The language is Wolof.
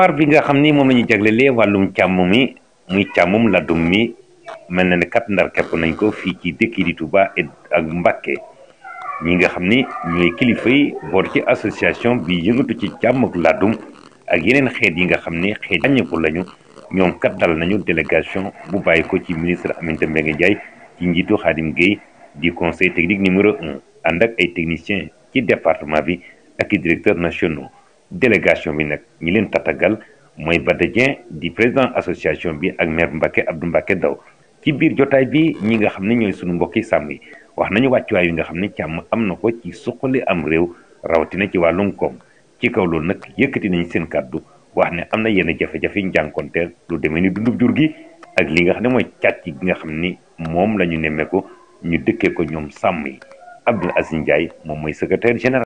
waar bi nga xam ni moom la ñu jaglelee wàllum càmm mi muy càmmum laddum mi mel na ne kat ndar kepp nañ ko fii ci dëkk yi di Touba ak Mbacké ñi nga xam ni ñooy kilifa yi ci association bi yëngatu ci càmm ak laddum ak yeneen xeet yi nga xam ni xeet ñaññeeku lañu ñoom kat dal nañu délégation bu bàyyi ko ci ministre Aminata Mbengue Ndiaye ci njiitu Khadim Gueye di conseil technique numéro un ànd ak ay techniciens ci département bi ak i directeurs délégation bi nag ñi leen tatagal mooy Bada Dieng di président association bi ak maire Mbacke Abdou Mbacke Daw ci biir jotaay bi ñi nga xam ne ñooy sunu mbokki sàmm yi wax nañu wàccuwaay yi nga xam ne càmm am na ko ci suqali am réew rawatina ci wàllum koom ci kaw loolu nag yëkkati nañu seen kàddu wax ne am na yenn jafe-jafe yu njànkonteel lu deme ni dundub jur gi ak li nga xam ne mooy càcc gi nga xam ni moom la ñu nemmee ko ñu dëkkee ko ñoom sàmm yi Abdoul Aziz Ndiaye moom mooy secrétaire général.